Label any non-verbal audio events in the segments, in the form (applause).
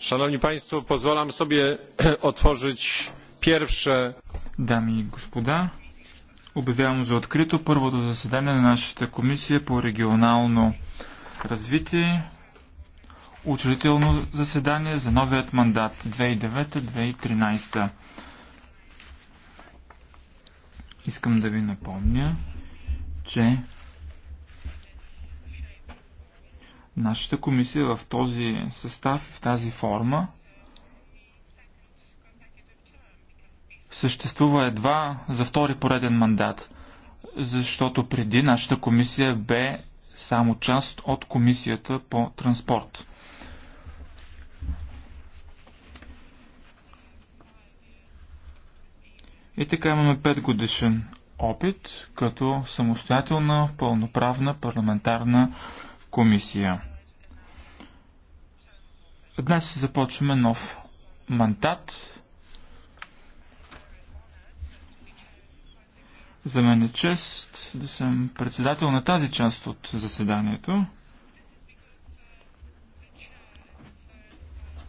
Szanowni Państwo, pozwalam sobie (clears throat) otworzyć pierwsze... Дами и господа, обявявам за открито първото заседание на нашата комисия по регионално развитие, учредително заседание за новият мандат 2009-2013. Искам да ви напомня, че Нашата комисия в този състав и в тази форма съществува едва за втори пореден мандат, защото преди нашата комисия бе само част от комисията по транспорт. И така имаме 5 годишен опит като самостоятелна пълноправна парламентарна комисия. Днес започваме нов мандат. За мен е чест да съм председател на тази част от заседанието,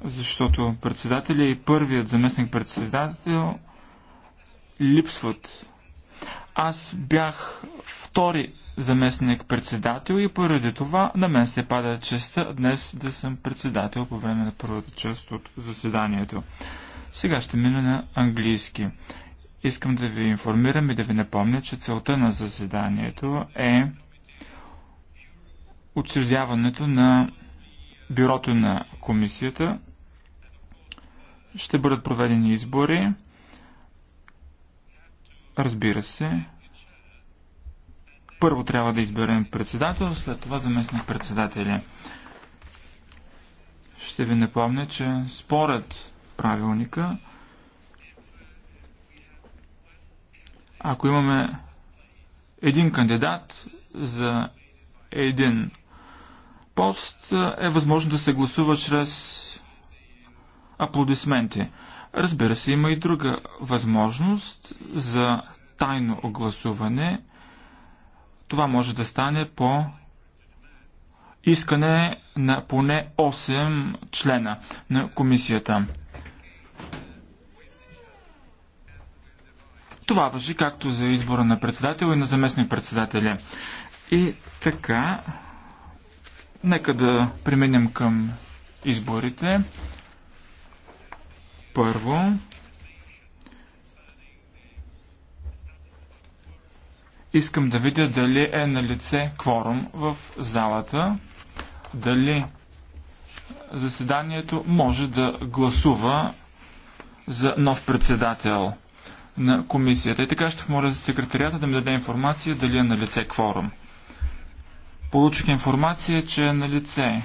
защото председателя и първият заместник председател липсват. Аз бях втори заместник-председател и поради това на мен се пада честа днес да съм председател по време на първата част от заседанието. Сега ще мина на английски. Искам да ви информирам и да ви напомня, че целта на заседанието е учредяването на бюрото на комисията. Ще бъдат проведени избори. Разбира се, първо трябва да изберем председател, след това заместник председателя. Ще ви напомня, че според правилника, ако имаме един кандидат за един пост, е възможно да се гласува чрез аплодисменти. Разбира се, има и друга възможност за тайно огласуване – това може да стане по искане на поне 8 члена на комисията. Това въжи както за избора на председател и на заместник председателя. И така, нека да преминем към изборите. Първо, Искам да видя дали е на лице кворум в залата, дали заседанието може да гласува за нов председател на комисията. И така ще моля секретарията да ми даде информация дали е на лице кворум. Получих информация, че е на лице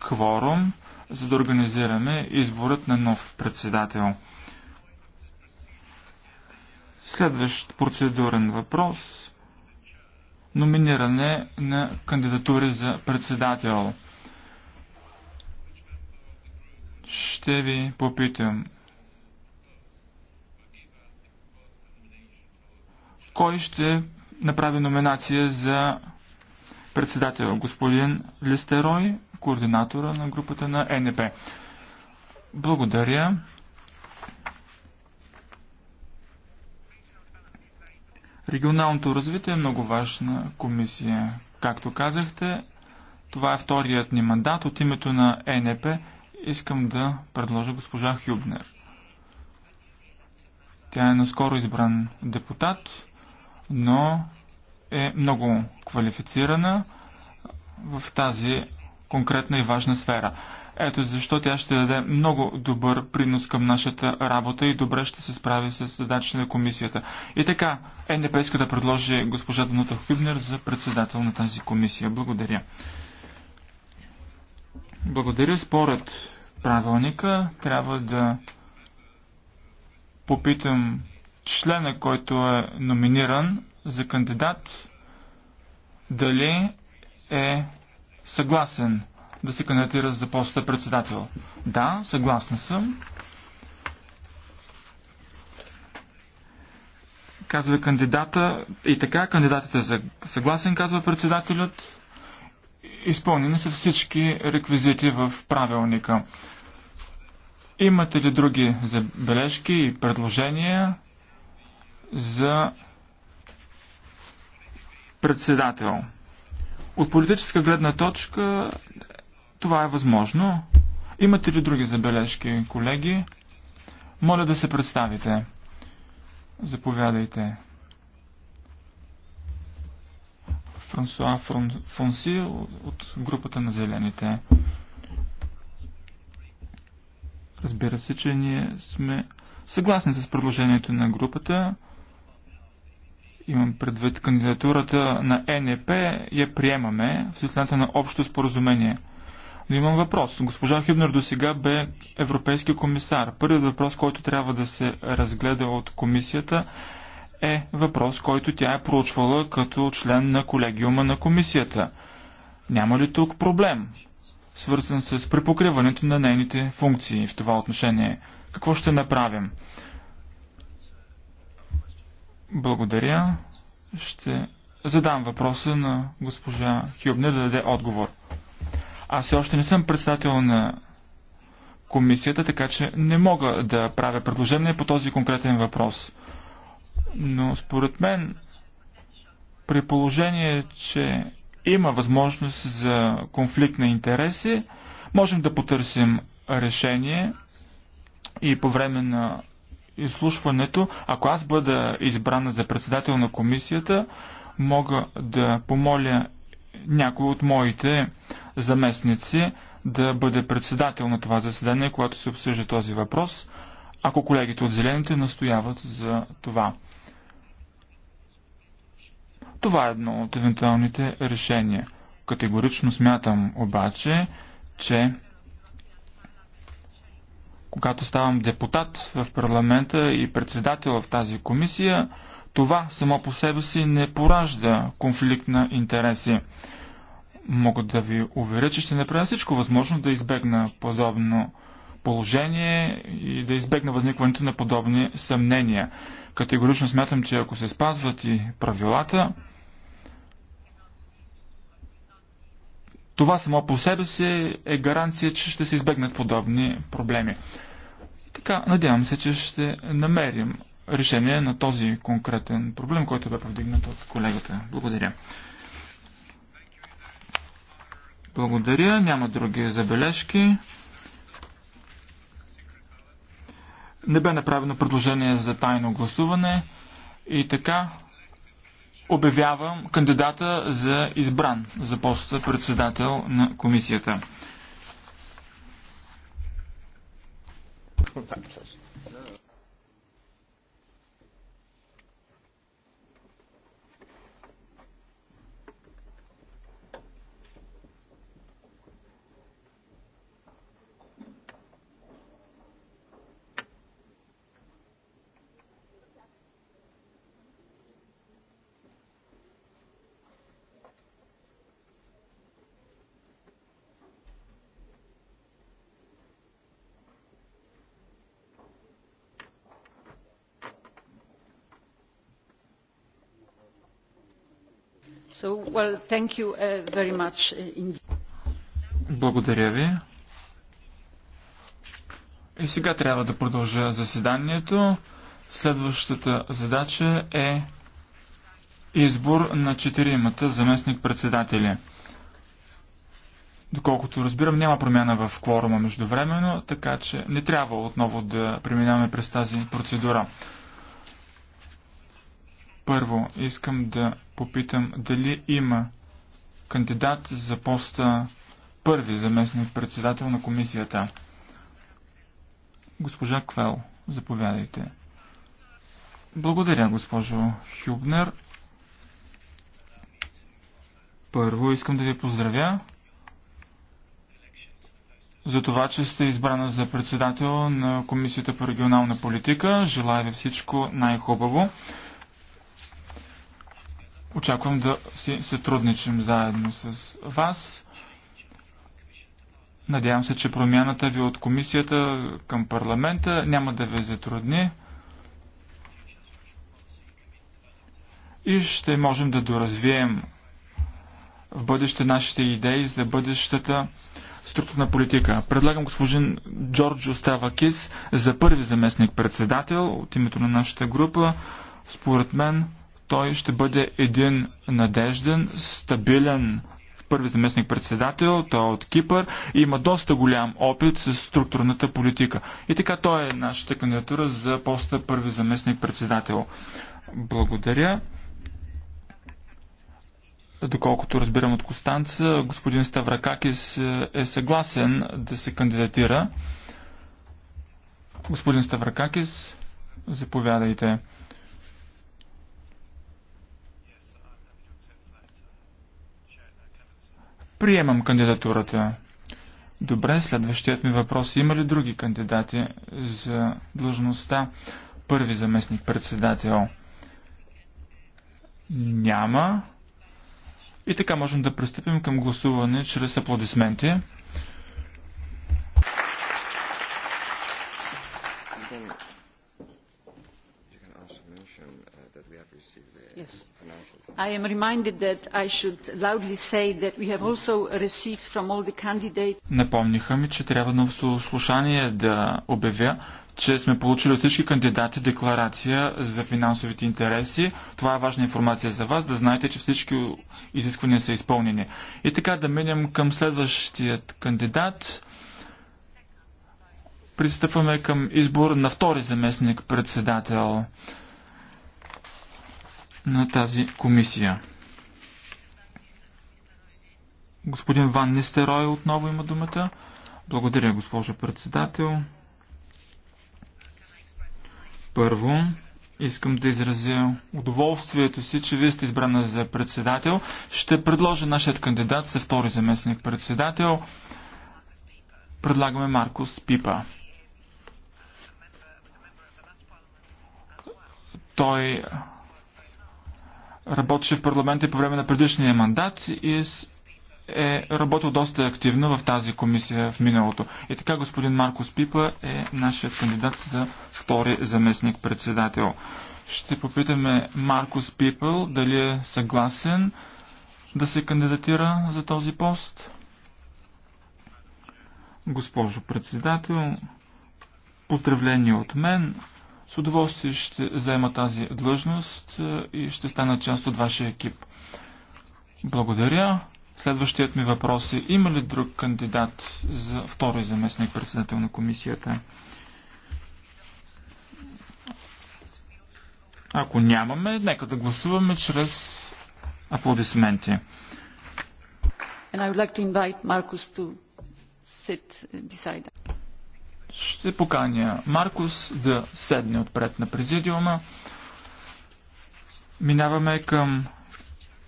кворум, за да организираме изборът на нов председател. Следващ процедурен въпрос – номиниране на кандидатури за председател. Ще ви попитам. Кой ще направи номинация за председател? Господин Листерой, координатора на групата на НП. Благодаря. Регионалното развитие е много важна комисия. Както казахте, това е вторият ни мандат. От името на ЕНП искам да предложа госпожа Хюбнер. Тя е наскоро избран депутат, но е много квалифицирана в тази конкретна и важна сфера. Ето защо тя ще даде много добър принос към нашата работа и добре ще се справи с задачите на комисията. И така, НДП иска да предложи госпожа Данута Хюбнер за председател на тази комисия. Благодаря. Благодаря. Според правилника трябва да попитам члена, който е номиниран за кандидат, дали е съгласен да се кандидатира за поста председател. Да, съгласна съм. Казва кандидата и така кандидатът е съгласен, казва председателят. Изпълнени са всички реквизити в правилника. Имате ли други забележки и предложения за председател? От политическа гледна точка това е възможно. Имате ли други забележки, колеги? Моля да се представите. Заповядайте. Франсуа Фрон... Фонси от групата на Зелените. Разбира се, че ние сме съгласни с предложението на групата. Имам предвид кандидатурата на НЕП, я приемаме в светлината на общо споразумение – но имам въпрос. Госпожа Хюбнер до сега бе европейски комисар. Първият въпрос, който трябва да се разгледа от комисията е въпрос, който тя е проучвала като член на колегиума на комисията. Няма ли тук проблем, свързан с препокриването на нейните функции в това отношение? Какво ще направим? Благодаря. Ще задам въпроса на госпожа Хюбне да даде отговор. Аз още не съм председател на комисията, така че не мога да правя предложение по този конкретен въпрос. Но според мен, при положение, че има възможност за конфликт на интереси, можем да потърсим решение и по време на изслушването, ако аз бъда избрана за председател на комисията, мога да помоля някой от моите заместници да бъде председател на това заседание, когато се обсъжда този въпрос, ако колегите от Зелените настояват за това. Това е едно от евентуалните решения. Категорично смятам обаче, че когато ставам депутат в парламента и председател в тази комисия, това само по себе си не поражда конфликт на интереси. Мога да ви уверя, че ще направя всичко възможно да избегна подобно положение и да избегна възникването на подобни съмнения. Категорично смятам, че ако се спазват и правилата, това само по себе си е гаранция, че ще се избегнат подобни проблеми. така, надявам се, че ще намерим решение на този конкретен проблем, който бе повдигнат от колегата. Благодаря. Благодаря. Няма други забележки. Не бе направено предложение за тайно гласуване и така обявявам кандидата за избран за поста председател на комисията. следует... Uh, uh, Благодаря ви. И сега трябва да продължа заседанието. Следващата задача е избор на четиримата заместник-председатели. Доколкото разбирам, няма промяна в кворума междувременно, така че не трябва отново да преминаваме през тази процедура. Първо, искам да попитам дали има кандидат за поста първи заместник председател на комисията. Госпожа Квел, заповядайте. Благодаря, госпожо Хюбнер. Първо искам да ви поздравя за това, че сте избрана за председател на Комисията по регионална политика. Желая ви всичко най-хубаво. Очаквам да си сътрудничим заедно с вас. Надявам се, че промяната ви от комисията към парламента няма да ви затрудни. И ще можем да доразвием в бъдеще нашите идеи за бъдещата структурна политика. Предлагам господин Джорджо Ставакис за първи заместник председател от името на нашата група. Според мен той ще бъде един надежден, стабилен първи заместник председател, той е от Кипър и има доста голям опит с структурната политика. И така той е нашата кандидатура за поста първи заместник председател. Благодаря. Доколкото разбирам от Костанца, господин Ставракакис е съгласен да се кандидатира. Господин Ставракакис, заповядайте. Приемам кандидатурата. Добре, следващият ми въпрос. Има ли други кандидати за длъжността първи заместник председател? Няма. И така можем да пристъпим към гласуване чрез аплодисменти. I am reminded that I should loudly say that we have also received from all the candidates. Напомниха ми, че трябва на слушание да обявя, че сме получили от всички кандидати декларация за финансовите интереси. Това е важна информация за вас, да знаете, че всички изисквания са изпълнени. И така да минем към следващият кандидат. Пристъпваме към избор на втори заместник председател на тази комисия. Господин Ван Нистерой отново има думата. Благодаря, госпожо председател. Първо, искам да изразя удоволствието си, че вие сте избрана за председател. Ще предложа нашият кандидат за втори заместник председател. Предлагаме Маркус Пипа. Той работеше в парламента и по време на предишния мандат и е работил доста активно в тази комисия в миналото. И така господин Маркос Пипа е нашият кандидат за втори заместник председател. Ще попитаме Маркос Пипъл дали е съгласен да се кандидатира за този пост. Госпожо председател, поздравление от мен. С удоволствие ще заема тази длъжност е, и ще стана част от вашия екип. Благодаря. Следващият ми въпрос е, има ли друг кандидат за втори заместник председател на комисията? Ако нямаме, нека да гласуваме чрез аплодисменти. And I would like to invite Marcus to sit beside us. Ще поканя Маркус да седне отпред на президиума. Минаваме към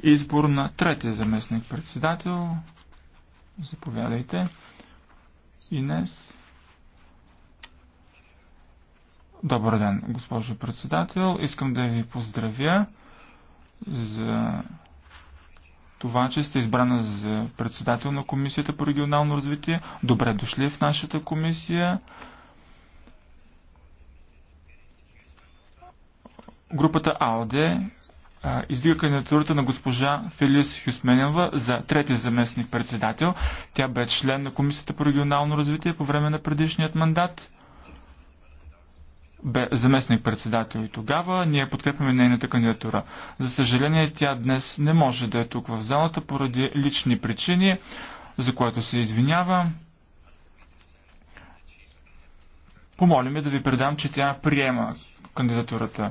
избор на третия заместник председател. Заповядайте. Инес. Добър ден, госпожо председател. Искам да ви поздравя за това, че сте избрана за председател на Комисията по регионално развитие. Добре дошли в нашата комисия. Групата АОДЕ издига кандидатурата на госпожа Фелис Хюсменева за трети заместник председател. Тя бе член на Комисията по регионално развитие по време на предишният мандат бе заместник-председател и тогава. Ние подкрепяме нейната кандидатура. За съжаление, тя днес не може да е тук в залата поради лични причини, за което се извинява. Помолиме да ви предам, че тя приема кандидатурата.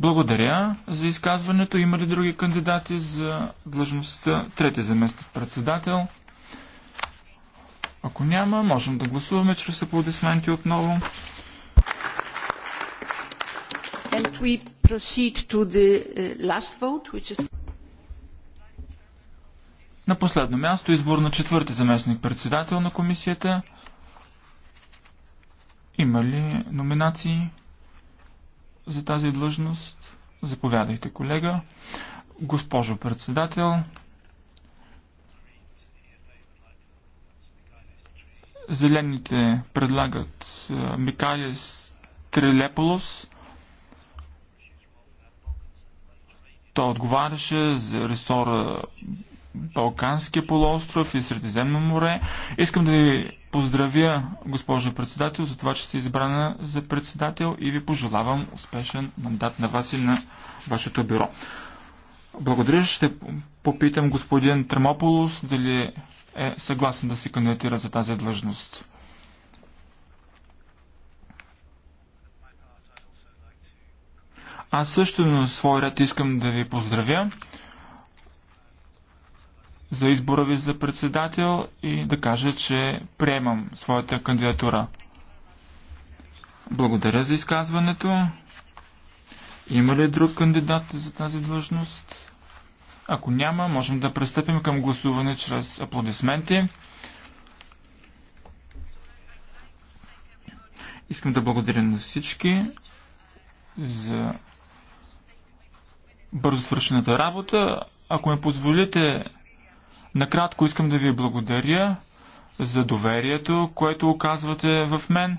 Благодаря за изказването. Има ли други кандидати за длъжността? Трети заместник председател. Ако няма, можем да гласуваме чрез аплодисменти отново. And we proceed to the uh, last vote, which is... На последно място избор на четвърти заместник председател на комисията. Има ли номинации за тази длъжност? Заповядайте, колега. Госпожо председател, зелените предлагат Микалис Трилеполос Той отговаряше за ресора Балканския полуостров и Средиземно море. Искам да ви поздравя, госпожо председател, за това, че сте избрана за председател и ви пожелавам успешен мандат на вас и на вашето бюро. Благодаря. Ще попитам господин Тремополос дали е съгласен да се кандидатира за тази длъжност. Аз също на свой ред искам да ви поздравя за избора ви за председател и да кажа, че приемам своята кандидатура. Благодаря за изказването. Има ли друг кандидат за тази длъжност? Ако няма, можем да пристъпим към гласуване чрез аплодисменти. Искам да благодаря на всички за бързо свършената работа. Ако ме позволите, накратко искам да ви благодаря за доверието, което оказвате в мен.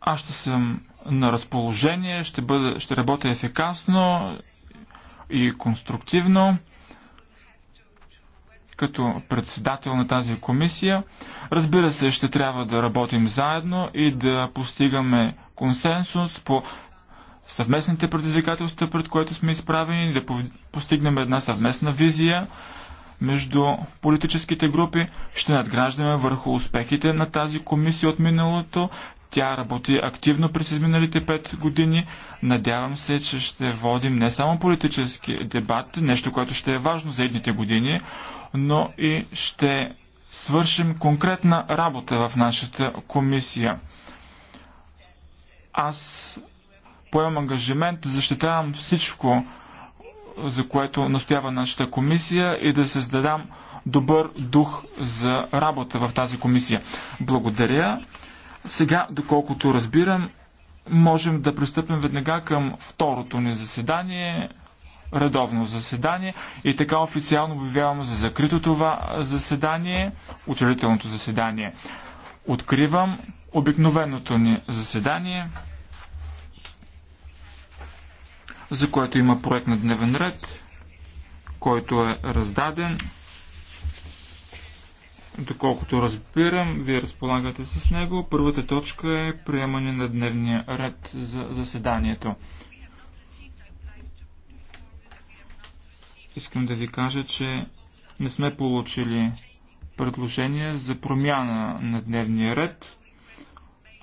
Аз ще съм на разположение, ще, бъда, ще работя ефикасно и конструктивно като председател на тази комисия. Разбира се, ще трябва да работим заедно и да постигаме консенсус по съвместните предизвикателства, пред което сме изправени, да постигнем една съвместна визия между политическите групи. Ще надграждаме върху успехите на тази комисия от миналото. Тя работи активно през изминалите 5 години. Надявам се, че ще водим не само политически дебат, нещо, което ще е важно за едните години, но и ще свършим конкретна работа в нашата комисия. Аз поемам ангажимент да защитавам всичко, за което настоява нашата комисия и да създадам добър дух за работа в тази комисия. Благодаря. Сега, доколкото разбирам, можем да пристъпим веднага към второто ни заседание, редовно заседание и така официално обявявам за закрито това заседание, учредителното заседание. Откривам обикновеното ни заседание за което има проект на дневен ред, който е раздаден. Доколкото разбирам, вие разполагате с него. Първата точка е приемане на дневния ред за заседанието. Искам да ви кажа, че не сме получили предложение за промяна на дневния ред.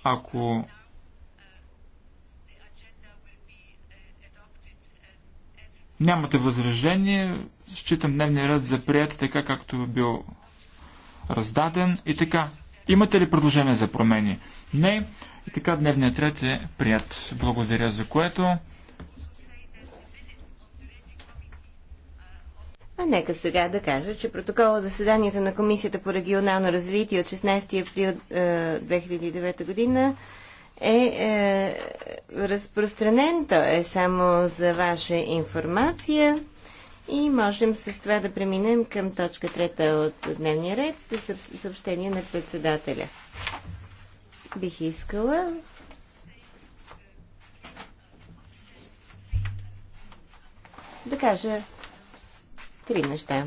Ако Нямате възражение. Считам дневния ред за прият така, както е бил раздаден и така. Имате ли предложение за промени? Не. И така дневният ред е прият. Благодаря за което. А нека сега да кажа, че протокола за заседанието на Комисията по регионално развитие от 16 април 2009 е, година е, е разпространен. Той е само за ваша информация. И можем с това да преминем към точка трета от дневния ред съобщение на председателя. Бих искала да кажа три неща.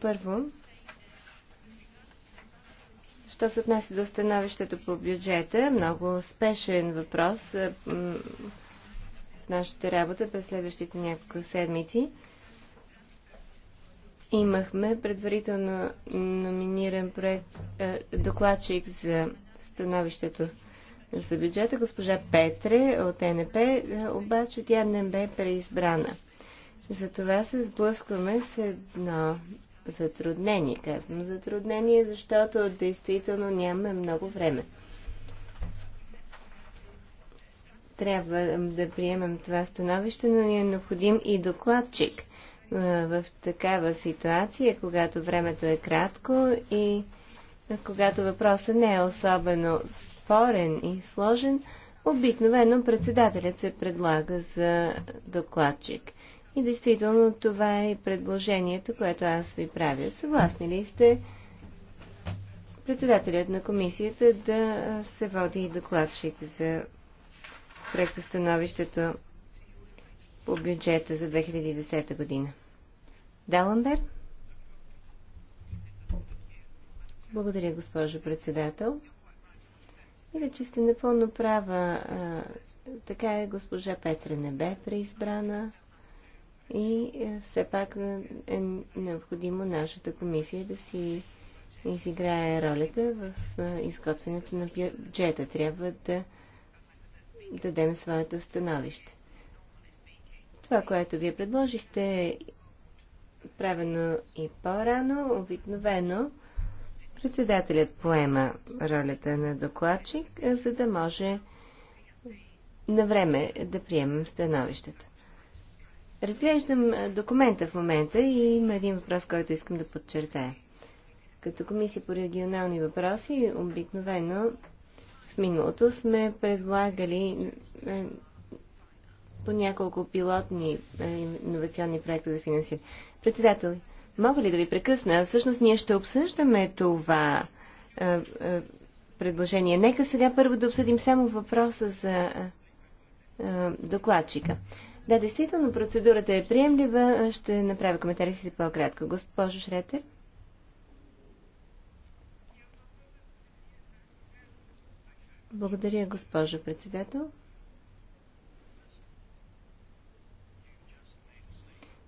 Първо, Що се отнася до становището по бюджета, много спешен въпрос в нашата работа през следващите няколко седмици. Имахме предварително номиниран проект, докладчик за становището за бюджета, госпожа Петре от НП, обаче тя не бе преизбрана. Затова се сблъскваме с едно затруднение. Казвам затруднение, защото действително нямаме много време. Трябва да приемем това становище, но ни е необходим и докладчик в такава ситуация, когато времето е кратко и когато въпросът не е особено спорен и сложен, обикновено председателят се предлага за докладчик. И действително това е предложението, което аз ви правя. Съгласни ли сте председателят на комисията да се води и докладчик за проектостановището по бюджета за 2010 година? Даламбер? Благодаря, госпожо председател. Иначе сте напълно права. А, така е, госпожа Петра не бе преизбрана. И е, все пак е, е необходимо нашата комисия да си изиграе ролята в е, изготвянето на бюджета. Трябва да дадем своето становище. Това, което вие предложихте е правено и по-рано, обикновено председателят поема ролята на докладчик, за да може на време да приемем становището. Разглеждам документа в момента и има един въпрос, който искам да подчертая. Като комисия по регионални въпроси, обикновено в миналото сме предлагали по няколко пилотни инновационни проекта за финансиране. Председател, мога ли да ви прекъсна? Всъщност ние ще обсъждаме това предложение. Нека сега първо да обсъдим само въпроса за докладчика. Да, действително процедурата е приемлива. Ще направя коментари си по-кратко. Госпожо Шретер. Благодаря, госпожо председател.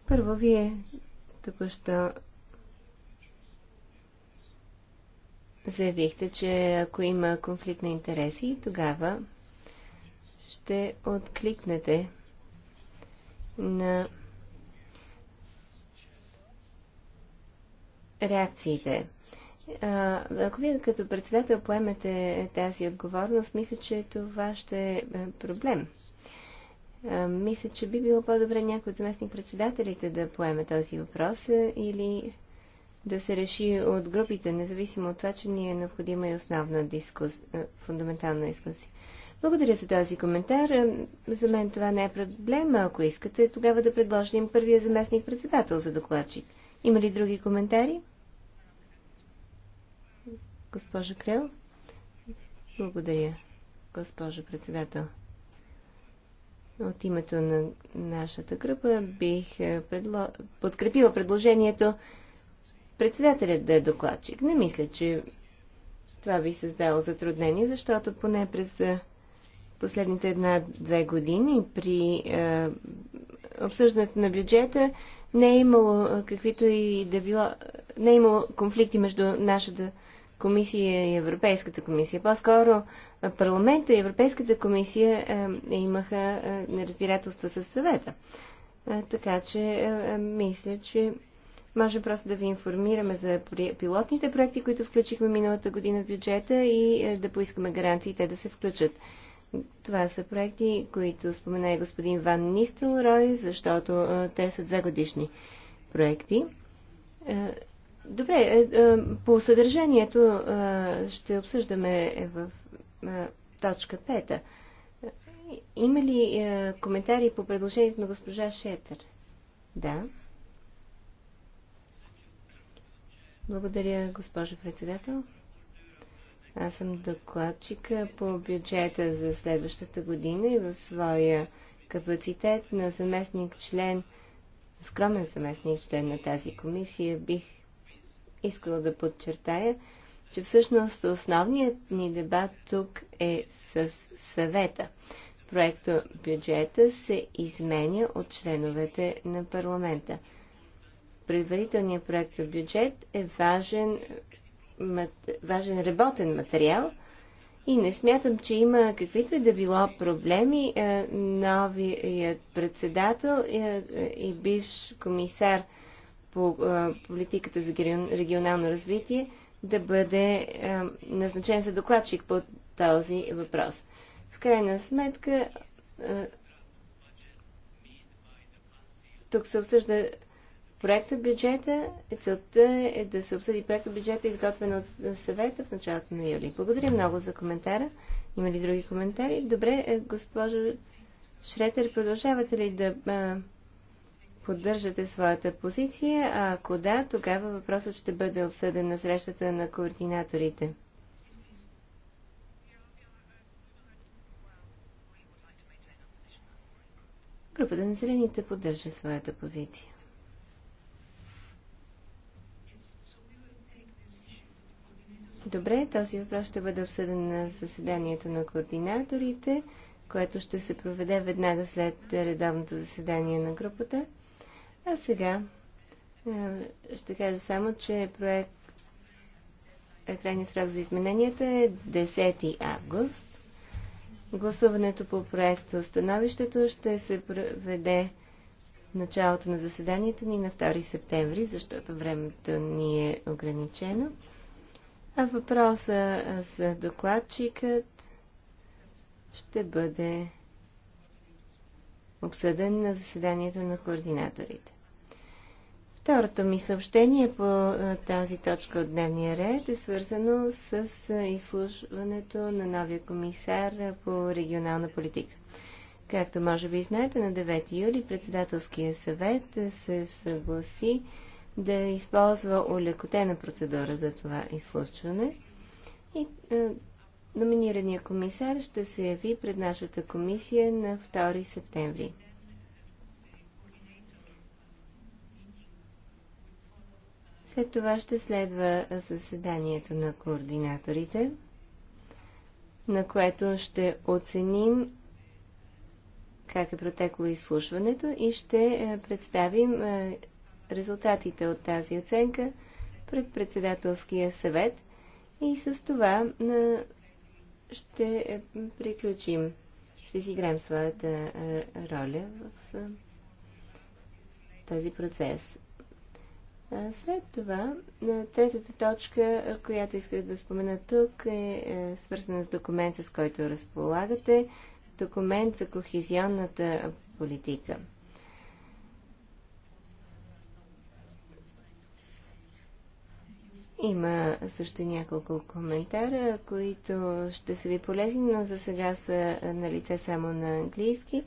Първо, вие току-що заявихте, че ако има конфликт на интереси, тогава ще откликнете на реакциите. Ако вие като председател поемете тази отговорност, мисля, че това ще е проблем. Мисля, че би било по-добре някой от заместник-председателите да поеме този въпрос или да се реши от групите, независимо от това, че ни е необходима и основна дискус... фундаментална дискусия. Благодаря за този коментар. За мен това не е проблема. Ако искате, тогава да предложим първия заместник председател за докладчик. Има ли други коментари? Госпожа Крел? Благодаря, госпожа председател. От името на нашата група бих е, предло... подкрепила предложението председателят да е докладчик. Не мисля, че това би създало затруднение, защото поне през е, последните една-две години при е, обсъждането на бюджета не е имало каквито и да било, не е имало конфликти между нашата комисия и Европейската комисия. По-скоро е, парламента и Европейската комисия е, имаха е, неразбирателства с съвета. Е, така че е, е, мисля, че може просто да ви информираме за пилотните проекти, които включихме миналата година в бюджета и е, да поискаме гаранции те да се включат. Това са проекти, които спомена и господин Ван Нистелрой, защото а, те са две годишни проекти. А, добре, а, по съдържанието а, ще обсъждаме в а, точка 5. Има ли а, коментари по предложението на госпожа Шетър? Да. Благодаря, госпожо председател. Аз съм докладчика по бюджета за следващата година и в своя капацитет на заместник член, скромен заместник член на тази комисия, бих искала да подчертая, че всъщност основният ни дебат тук е с съвета. Проекто бюджета се изменя от членовете на парламента. Предварителният проект бюджет е важен важен работен материал и не смятам, че има каквито и да било проблеми. Е, новият председател е, е, и бивш комисар по политиката за регионално развитие да бъде назначен за докладчик по този въпрос. В крайна сметка, тук се обсъжда проекта бюджета. Целта е да се обсъди проекта бюджета, изготвен от съвета в началото на юли. Благодаря много за коментара. Има ли други коментари? Добре, е, госпожо Шретер, продължавате ли да а, поддържате своята позиция? А ако да, тогава въпросът ще бъде обсъден на срещата на координаторите. Групата на зелените поддържа своята позиция. Добре, този въпрос ще бъде обсъден на заседанието на координаторите, което ще се проведе веднага след редовното заседание на групата. А сега е, ще кажа само, че проект е, крайният срок за измененията е 10 август. Гласуването по проекта становището ще се проведе началото на заседанието ни на 2 септември, защото времето ни е ограничено. Въпроса за докладчикът ще бъде обсъден на заседанието на координаторите. Второто ми съобщение по тази точка от дневния ред е свързано с изслушването на новия комисар по регионална политика. Както може би знаете, на 9 юли председателския съвет се съгласи да използва улекотена процедура за това изслушване. И е, номинирания комисар ще се яви пред нашата комисия на 2 септември. След това ще следва заседанието на координаторите, на което ще оценим как е протекло изслушването и ще е, представим е, резултатите от тази оценка пред председателския съвет и с това ще е, приключим. Ще си играем своята роля в този процес. След това, третата точка, която исках да спомена тук, е, е свързана с документ, с който разполагате. Документ за кохезионната политика – Има също няколко коментара, които ще са ви полезни, но за сега са на лице само на английски.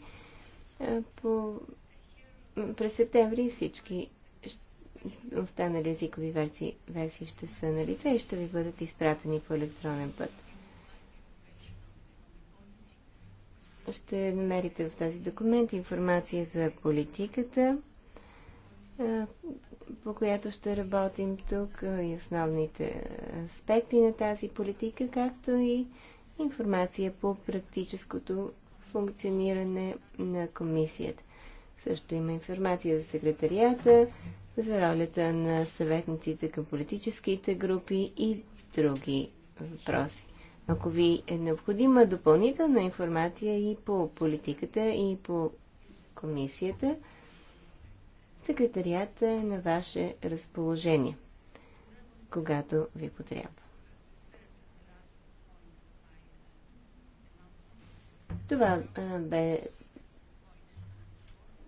По... През септември всички останали езикови версии, версии ще са на лице и ще ви бъдат изпратени по електронен път. Ще намерите в този документ информация за политиката, по която ще работим тук и основните аспекти на тази политика, както и информация по практическото функциониране на комисията. Също има информация за секретарията, за ролята на съветниците към политическите групи и други въпроси. Ако ви е необходима допълнителна информация и по политиката, и по комисията, Секретарията е на ваше разположение, когато ви потрябва. Това бе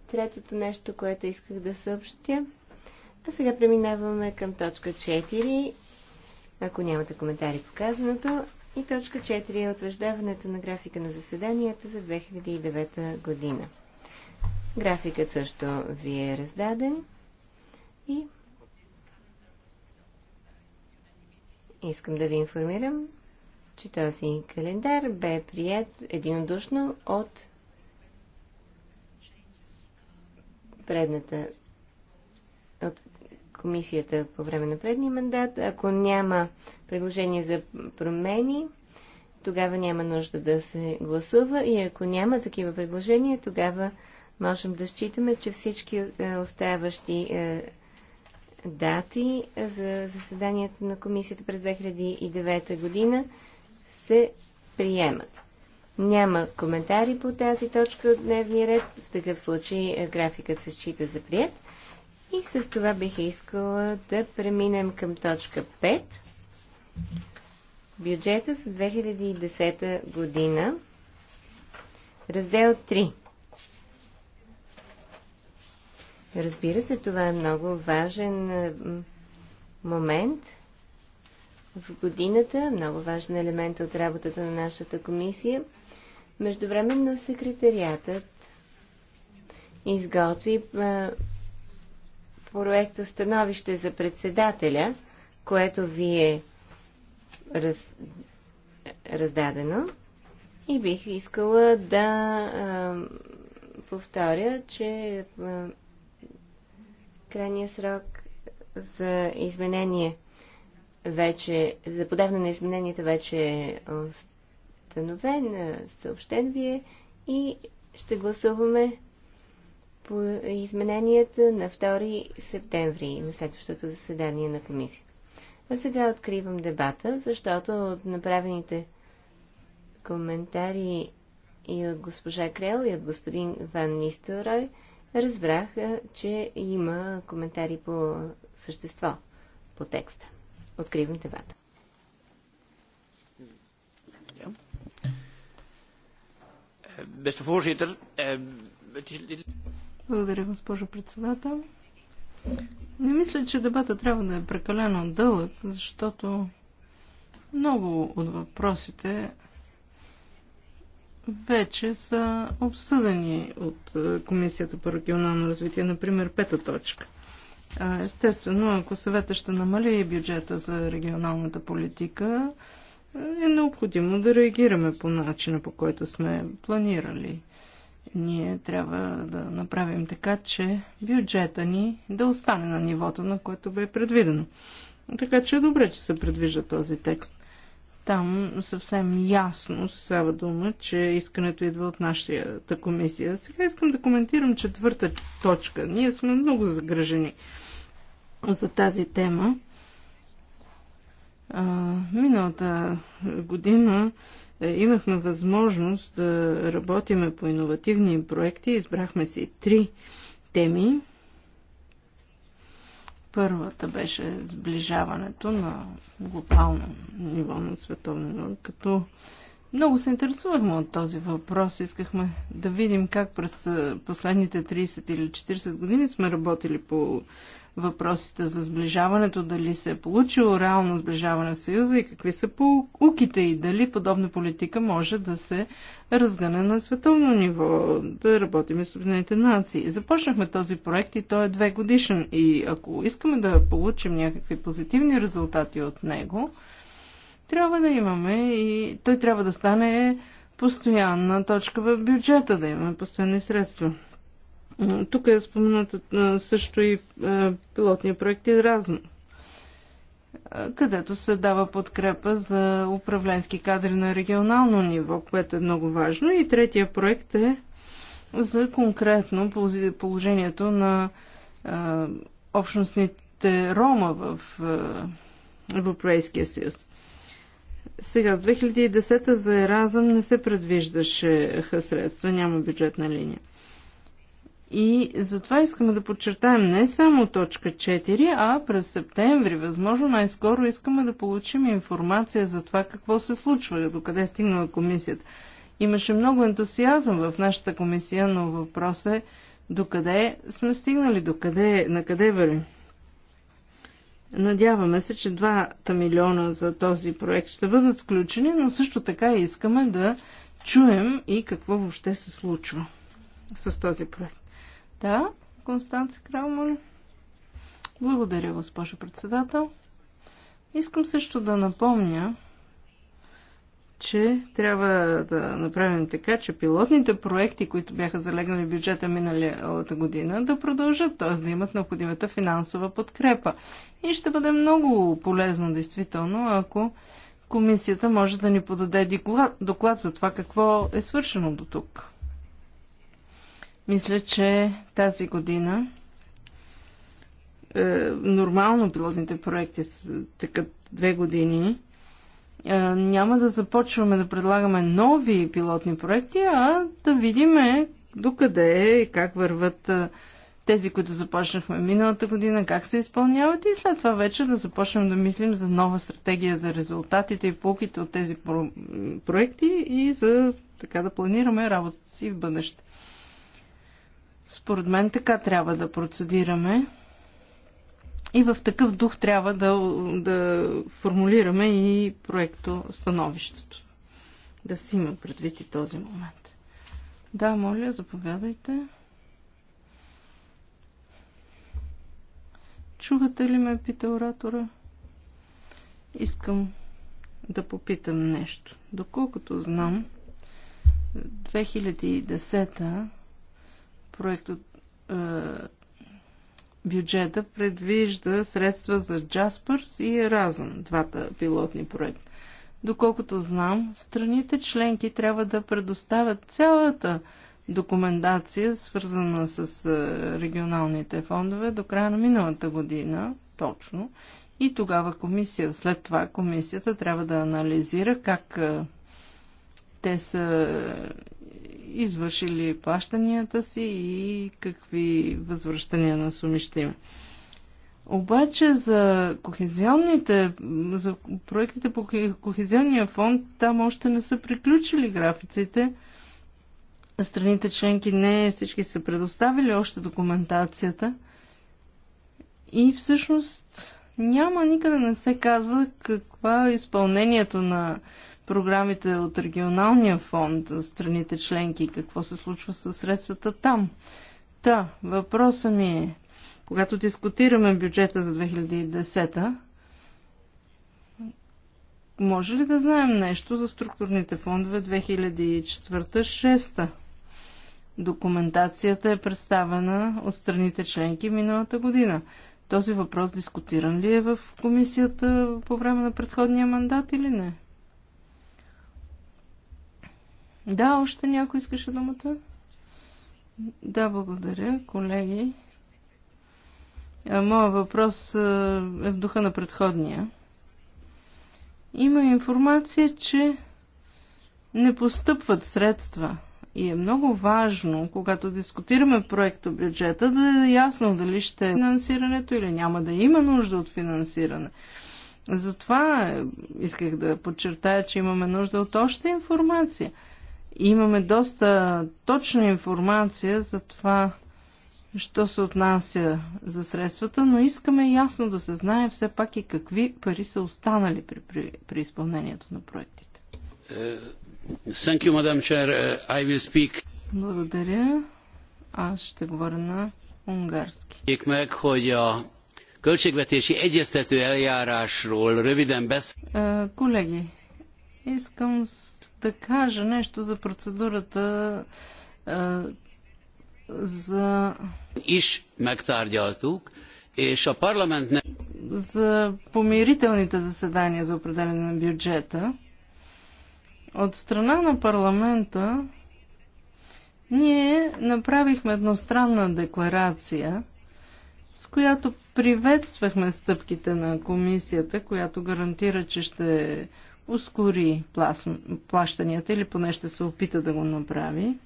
третото нещо, което исках да съобщя. А сега преминаваме към точка 4, ако нямате коментари по казаното. И точка 4 е утвърждаването на графика на заседанията за 2009 година. Графикът също ви е раздаден и искам да ви информирам, че този календар бе прият единодушно от предната от комисията по време на предния мандат. Ако няма предложение за промени, тогава няма нужда да се гласува и ако няма такива предложения, тогава можем да считаме, че всички е, оставащи е, дати за заседанията на комисията през 2009 година се приемат. Няма коментари по тази точка от дневния ред. В такъв случай е, графикът се счита за прият. И с това бих искала да преминем към точка 5. Бюджета за 2010 година. Раздел 3. Разбира се, това е много важен е, момент в годината, много важен елемент от работата на нашата комисия. Междувременно секретариатът изготви е, проекто становище за председателя, което ви е раз... раздадено. И бих искала да а, е, повторя, че а, крайния срок за изменение вече, за подаване на измененията вече е установен, съобщен ви е и ще гласуваме по измененията на 2 септември на следващото заседание на комисията. А сега откривам дебата, защото от направените коментари и от госпожа Крел, и от господин Ван Нистелрой – разбрах, че има коментари по същество, по текста. Откривам дебата. Е, Благодаря, госпожо председател. Не мисля, че дебата трябва да е прекалено дълъг, защото много от въпросите вече са обсъдени от е, Комисията по регионално развитие, например пета точка. Естествено, ако съвета ще намали бюджета за регионалната политика, е необходимо да реагираме по начина, по който сме планирали. Ние трябва да направим така, че бюджета ни да остане на нивото, на което бе предвидено. Така че е добре, че се предвижда този текст. Там съвсем ясно става дума, че искането идва от нашата комисия. Сега искам да коментирам четвърта точка. Ние сме много загръжени за тази тема. А, миналата година е, имахме възможност да работиме по иновативни проекти. Избрахме си три теми. Първата беше сближаването на глобално ниво на световно ниво, като много се интересувахме от този въпрос. Искахме да видим как през последните 30 или 40 години сме работили по въпросите за сближаването, дали се е получило реално сближаване в Съюза и какви са полуките и дали подобна политика може да се разгъне на световно ниво, да работим с Обединените нации. Започнахме този проект и той е две годишен и ако искаме да получим някакви позитивни резултати от него, трябва да имаме и той трябва да стане постоянна точка в бюджета, да имаме постоянни средства. Тук е споменат също и пилотния проект Еразно, където се дава подкрепа за управленски кадри на регионално ниво, което е много важно. И третия проект е за конкретно положението на общностните рома в Европейския съюз. Сега, в 2010 за Еразъм не се предвиждаше средства, няма бюджетна линия. И затова искаме да подчертаем не само точка 4, а през септември, възможно най-скоро искаме да получим информация за това какво се случва, до къде е стигнала комисията. Имаше много ентусиазъм в нашата комисия, но въпрос е до къде сме стигнали, къде, на къде вървим. Надяваме се, че 2 милиона за този проект ще бъдат включени, но също така искаме да чуем и какво въобще се случва с този проект. Да, Констанция Крал, моля. Благодаря, госпожо председател. Искам също да напомня, че трябва да направим така, че пилотните проекти, които бяха залегнали в бюджета миналата година, да продължат, т.е. да имат необходимата финансова подкрепа. И ще бъде много полезно, действително, ако комисията може да ни подаде доклад за това какво е свършено до тук. Мисля, че тази година е, нормално пилотните проекти са така две години е, няма да започваме да предлагаме нови пилотни проекти, а да видим докъде е и как върват е, тези, които започнахме миналата година, как се изпълняват и след това вече да започнем да мислим за нова стратегия за резултатите и полките от тези про- проекти и за така да планираме работата си в бъдеще. Според мен така трябва да процедираме. И в такъв дух трябва да, да формулираме и проекто становището. Да си има предвид и този момент. Да, моля, заповядайте. Чувате ли ме, пита оратора? Искам да попитам нещо. Доколкото знам, 2010 проектът е, бюджета предвижда средства за Джаспърс и Еразъм, двата пилотни проекта. Доколкото знам, страните членки трябва да предоставят цялата документация, свързана с регионалните фондове до края на миналата година, точно. И тогава комисия, след това комисията трябва да анализира как те са извършили плащанията си и какви възвръщания на суми ще има. Обаче за кохезионните, за проектите по кохезионния фонд, там още не са приключили графиците. Страните членки не всички са предоставили още документацията. И всъщност няма никъде не се казва каква е изпълнението на програмите от регионалния фонд за страните членки, и какво се случва с средствата там. Та, въпросът ми е, когато дискутираме бюджета за 2010 може ли да знаем нещо за структурните фондове 2004-2006? Документацията е представена от страните членки миналата година. Този въпрос дискутиран ли е в комисията по време на предходния мандат или не? Да, още някой искаше думата? Да, благодаря, колеги. Моя въпрос е в духа на предходния. Има информация, че не постъпват средства. И е много важно, когато дискутираме проекто бюджета, да е ясно дали ще е финансирането или няма да има нужда от финансиране. Затова е, исках да подчертая, че имаме нужда от още информация – Имаме доста точна информация за това, що се отнася за средствата, но искаме ясно да се знае все пак и какви пари са останали при, при, при изпълнението на проектите. Uh, you, uh, Благодаря. Аз ще говоря на унгарски. költségvetési egyeztető eljárásról röviden uh, Колеги, искам да кажа нещо за процедурата за... Иш мегтárgyaltuk, és a parlamentnek... За помирителните заседания за определене на бюджета. От страна на парламента ние направихме едностранна декларация, с която приветствахме стъпките на комисията, която гарантира, че ще ускори плащанията или поне ще се опита да го направи.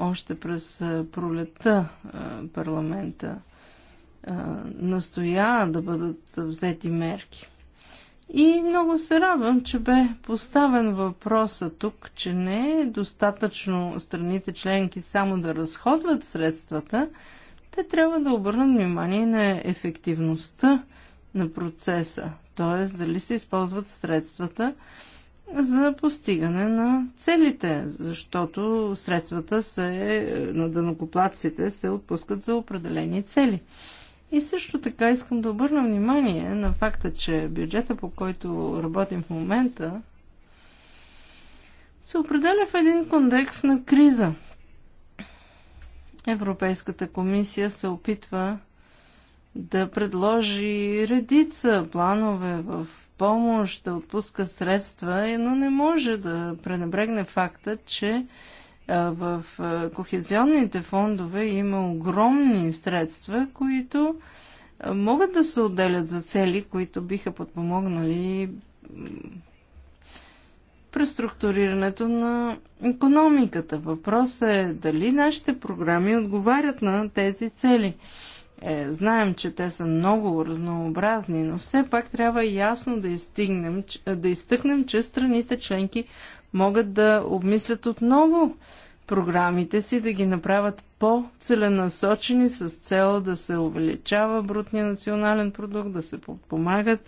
Още през пролета парламента настоя да бъдат взети мерки. И много се радвам, че бе поставен въпроса тук, че не е достатъчно страните членки само да разходват средствата, те трябва да обърнат внимание на ефективността на процеса т.е. дали се използват средствата за постигане на целите, защото средствата се, на дънокоплаците се отпускат за определени цели. И също така искам да обърна внимание на факта, че бюджета, по който работим в момента, се определя в един контекст на криза. Европейската комисия се опитва да предложи редица планове в помощ, да отпуска средства, но не може да пренебрегне факта, че в кохезионните фондове има огромни средства, които могат да се отделят за цели, които биха подпомогнали преструктурирането на економиката. Въпросът е дали нашите програми отговарят на тези цели. Е, знаем, че те са много разнообразни, но все пак трябва ясно да, изтигнем, да изтъкнем, че страните членки могат да обмислят отново програмите си, да ги направят по-целенасочени с цел да се увеличава брутния национален продукт, да се подпомагат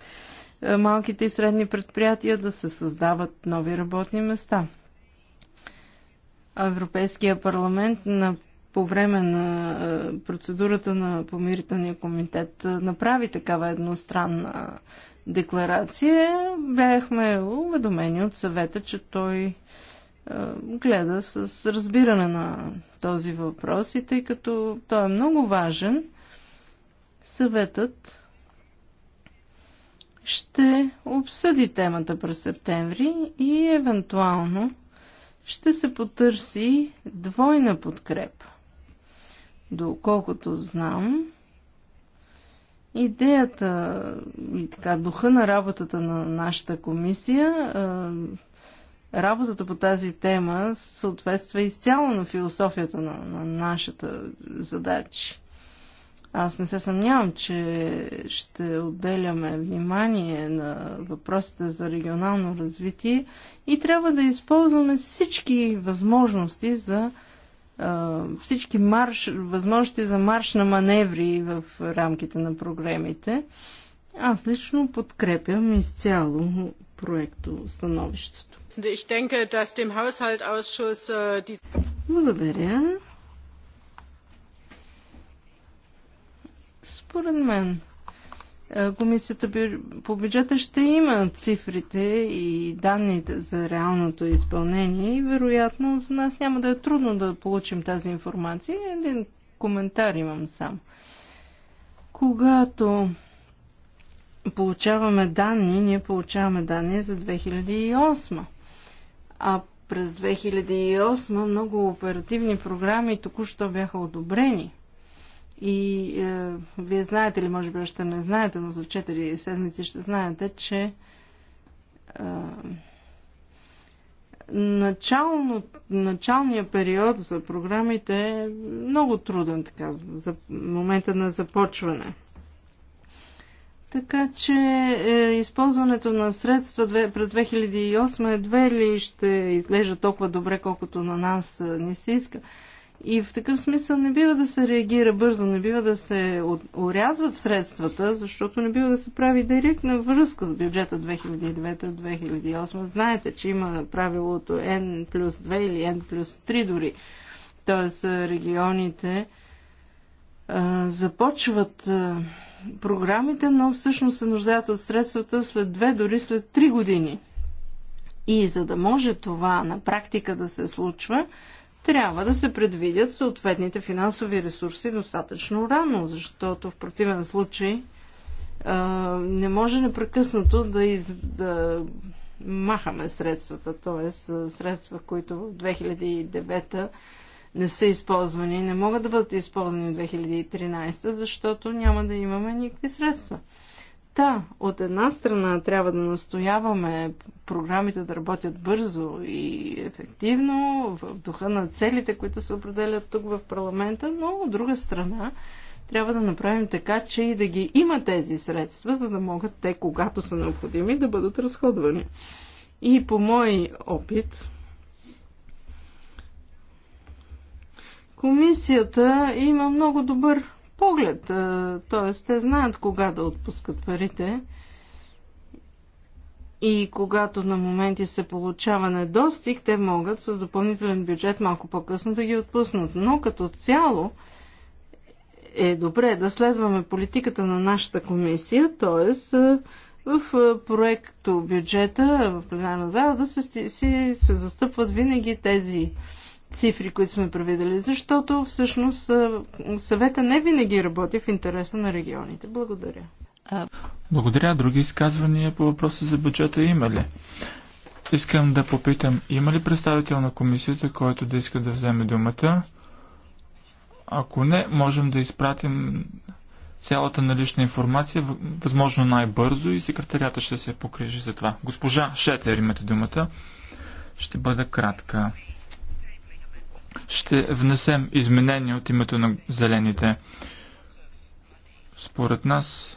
е, малките и средни предприятия, да се създават нови работни места. Европейския парламент на по време на е, процедурата на помирителния комитет е, направи такава едностранна декларация, бяхме уведомени от съвета, че той е, гледа с разбиране на този въпрос и тъй като той е много важен, съветът ще обсъди темата през септември и евентуално ще се потърси двойна подкрепа. Доколкото знам, идеята и така духа на работата на нашата комисия, работата по тази тема съответства изцяло на философията на, на нашата задача. Аз не се съмнявам, че ще отделяме внимание на въпросите за регионално развитие и трябва да използваме всички възможности за всички марш, възможности за марш на маневри в рамките на програмите. Аз лично подкрепям изцяло проекто становището. Äh, Благодаря. Според мен е, Комисията по бюджета ще има цифрите и данните за реалното изпълнение и вероятно за нас няма да е трудно да получим тази информация. Един коментар имам сам. Когато получаваме данни, ние получаваме данни за 2008. А през 2008 много оперативни програми току-що бяха одобрени – и е, вие знаете ли, може би още не знаете, но за 4 седмици ще знаете, че е, начално, началният период за програмите е много труден, така, за момента на започване. Така че е, използването на средства през 2008 едва ли ще изглежда толкова добре, колкото на нас не се иска. И в такъв смисъл не бива да се реагира бързо, не бива да се урязват средствата, защото не бива да се прави директна връзка с бюджета 2009-2008. Знаете, че има правилото N плюс 2 или N плюс 3 дори. Тоест регионите започват програмите, но всъщност се нуждаят от средствата след 2, дори след 3 години. И за да може това на практика да се случва, трябва да се предвидят съответните финансови ресурси достатъчно рано, защото в противен случай а, не може непрекъснато да, из, да махаме средствата, т.е. средства, които в 2009 не са използвани, не могат да бъдат използвани в 2013, защото няма да имаме никакви средства. Та, от една страна трябва да настояваме програмите да работят бързо и ефективно, в духа на целите, които се определят тук в парламента, но от друга страна трябва да направим така, че и да ги има тези средства, за да могат те, когато са необходими, да бъдат разходвани. И по мой опит, комисията има много добър поглед. Т.е. те знаят кога да отпускат парите. И когато на моменти се получава недостиг, те могат с допълнителен бюджет малко по-късно да ги отпуснат. Но като цяло е добре да следваме политиката на нашата комисия, т.е. в проекто бюджета в пленарна зала да се, се, се застъпват винаги тези цифри, които сме проведели, защото всъщност съвета не винаги работи в интереса на регионите. Благодаря. Благодаря. Други изказвания по въпроса за бюджета има ли? Искам да попитам, има ли представител на комисията, който да иска да вземе думата? Ако не, можем да изпратим цялата налична информация възможно най-бързо и секретарията ще се покрижи за това. Госпожа Шетер, имате думата. Ще бъда кратка ще внесем изменения от името на зелените. Според нас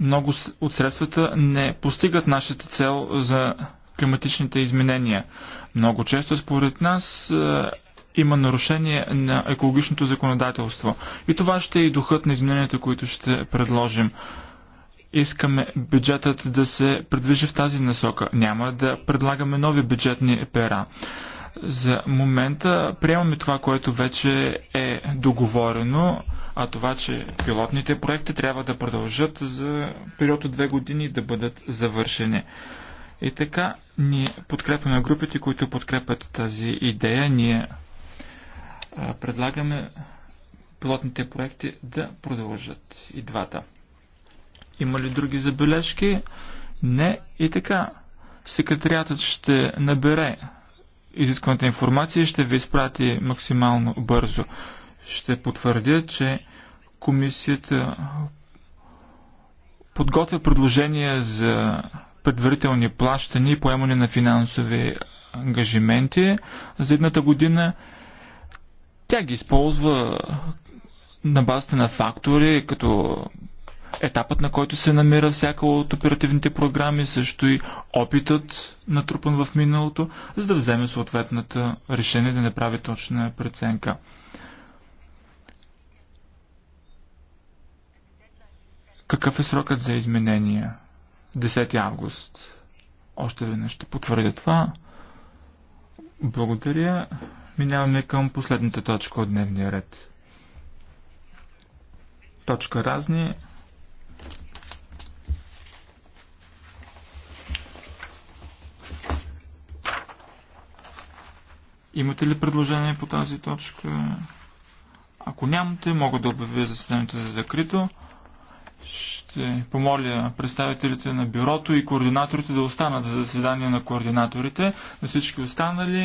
много от средствата не постигат нашата цел за климатичните изменения. Много често според нас е, има нарушение на екологичното законодателство. И това ще е и духът на измененията, които ще предложим искаме бюджетът да се предвижи в тази насока. Няма да предлагаме нови бюджетни пера. За момента приемаме това, което вече е договорено, а това, че пилотните проекти трябва да продължат за период от две години да бъдат завършени. И така, ние подкрепяме групите, които подкрепят тази идея. Ние предлагаме пилотните проекти да продължат и двата. Има ли други забележки? Не. И така, секретариатът ще набере изискваната информация и ще ви изпрати максимално бързо. Ще потвърдя, че комисията подготвя предложения за предварителни плащания и поемане на финансови ангажименти за едната година. Тя ги използва на базата на фактори, като етапът, на който се намира всяка от оперативните програми, също и опитът натрупан в миналото, за да вземе съответната решение да направи точна преценка. Какъв е срокът за изменения? 10 август. Още веднъж ще потвърдя това. Благодаря. Минаваме към последната точка от дневния ред. Точка разни. Имате ли предложение по тази точка? Ако нямате, мога да обявя заседанието за закрито. Ще помоля представителите на бюрото и координаторите да останат за заседание на координаторите. На всички останали